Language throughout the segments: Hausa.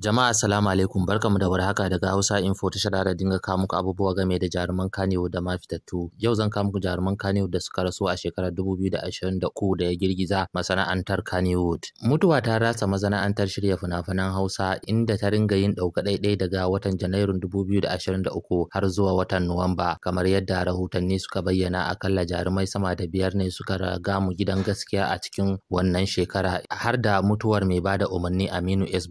Jama'a assalamu alaikum barkamu da warhaka daga Hausa Info ta shirya da dinga kawo muku abubuwa game da jaruman Kanewo da ma fitattu. Yau zan kawo muku jaruman Kanewo da suka rasu a shekarar 2023 da ya girgiza masana'antar Kannywood. Mutuwa ta rasa masana'antar shirya fina-finan Hausa inda ta ringa yin ɗauka daidai daga watan Janairun 2023 har zuwa watan Nuwamba kamar yadda rahotanni suka bayyana a kalla, jarumai sama da biyar ne suka raga mu gidan gaskiya a cikin wannan shekara har da mutuwar mai bada umarni Aminu S.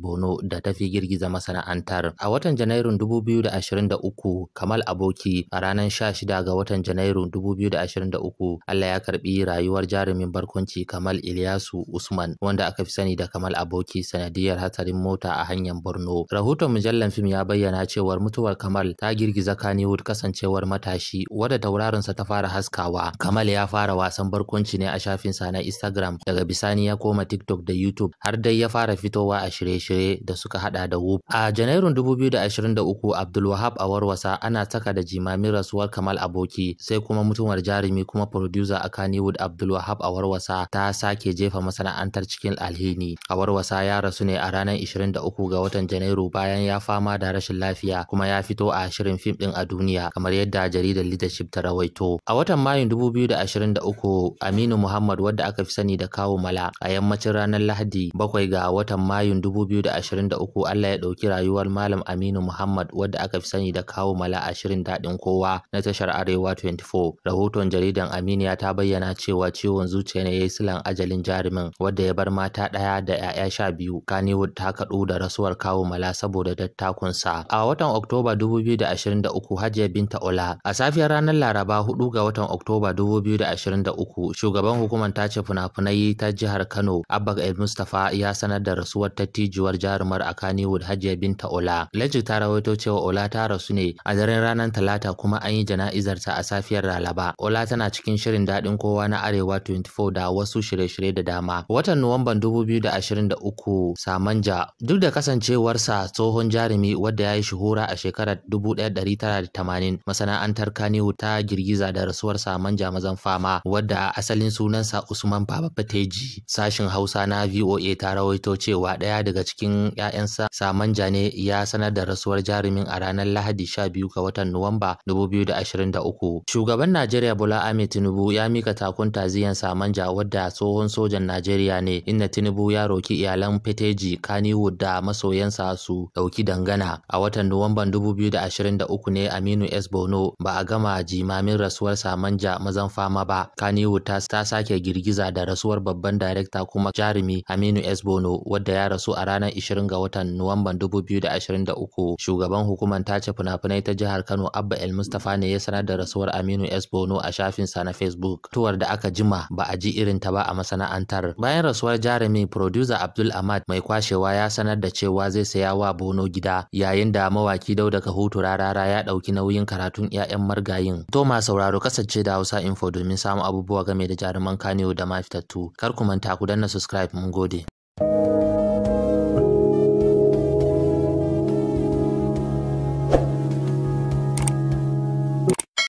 da ta tafi girgiza masana'antar. A watan Janairun 2023, Kamal Aboki a ranar 16 ga watan Janairun 2023, Allah ya karbi rayuwar jarumin barkwanci Kamal Ilyasu Usman, wanda aka fi sani da Kamal Aboki sanadiyar hatsarin mota a hanyar Borno. Rahoton mujallar fim ya bayyana cewar mutuwar Kamal ta girgiza Kannywood kasancewar matashi wadda taurarinsa ta fara haskawa. Kamal ya fara wasan barkwanci ne a shafinsa na Instagram, daga bisani ya koma TikTok da YouTube har dai ya fara fitowa a shirye-shirye da suka hada da wub a janairun 2023 abdulwahab a warwasa ana saka da jimamin rasuwar kamal aboki sai kuma mutumar jarumi kuma producer a kannywood abdulwahab a warwasa ta sake jefa masana'antar cikin alhini a warwasa ya rasu ne a ranar 23 ga watan janairu bayan ya fama da rashin lafiya kuma ya fito a shirin fim din a duniya kamar yadda jaridar leadership ta rawaito a watan mayun 2023 aminu muhammad wadda aka fi sani da kawo mala a yammacin ranar lahadi 7 ga watan mayun 2023 ko Allah ya ɗauki rayuwar Malam Aminu Muhammad wadda aka fi sani da kawo mala a shirin daɗin kowa na tashar Arewa 24. Rahoton jaridan Aminiya ta bayyana cewa ciwon zuciya ne ya yi silan ajalin jarumin wadda ya bar mata ɗaya da 'ya'ya sha biyu. Kanewood ta kaɗu da rasuwar kawo mala saboda dattakunsa. A watan Oktoba 2023 Hajiya Binta Ola a safiyar ranar Laraba 4 ga watan Oktoba 2023 shugaban hukumar tace fina-finai ta jihar Kano Abba El Mustapha ya sanar da rasuwar tattijuwar jarumar a Kannywood Hajiya Binta Ola. Legit ta rawaito cewa Ola ta rasu ne a daren ranar Talata kuma an yi jana'izar ta a safiyar Laraba. Ola tana cikin shirin daɗin kowa na Arewa 24 da wasu shirye-shirye da dama. Watan Nuwamban 2023 Samanja duk da kasancewarsa tsohon jarumi wadda ya yi shuhura a shekarar 1980 masana'antar Kannywood ta girgiza da rasuwar Samanja mazan fama wadda asalin sunansa Usman Baba Fateji. Sashin Hausa na VOA ta rawaito cewa ɗaya daga cikin 'ya'yansa Samanja ne ya sanar da rasuwar jarumin a ranar Lahadi 12 ga watan Nuwamba 2023. Shugaban Najeriya Bola Ahmed Tinubu ya mika takun taziyan Samanja wadda tsohon sojan Najeriya ne Inna Tinubu ya roki iyalan Feteji Kaniwood da masoyansa su dauki dangana. A watan Nuwamban 2023 ne Aminu S. Bono ba a gama jimamin rasuwar Samanja mazan fama ba. Kannywood ta sake girgiza da rasuwar babban darekta kuma jarumi Aminu S. Bono wadda ya rasu a ranar 20 ga watan watan Nuwamban 2023 shugaban hukumar tace fina-finai ta jihar Kano Abba El Mustapha ne ya sanar da rasuwar Aminu S Bono a shafinsa na Facebook. Tuwar da aka jima ba a ji irin ta ba a masana'antar. Bayan rasuwar jarumi producer Abdul Ahmad mai kwashewa ya sanar da cewa zai saya wa Bono gida yayin da mawaki Dauda hutu Rarara ya ɗauki nauyin karatun 'ya'yan margayin. To ma sauraro kasance da Hausa Info domin samun abubuwa game da jaruman Kano da mafitattu. Kar ku manta ku danna subscribe mun gode.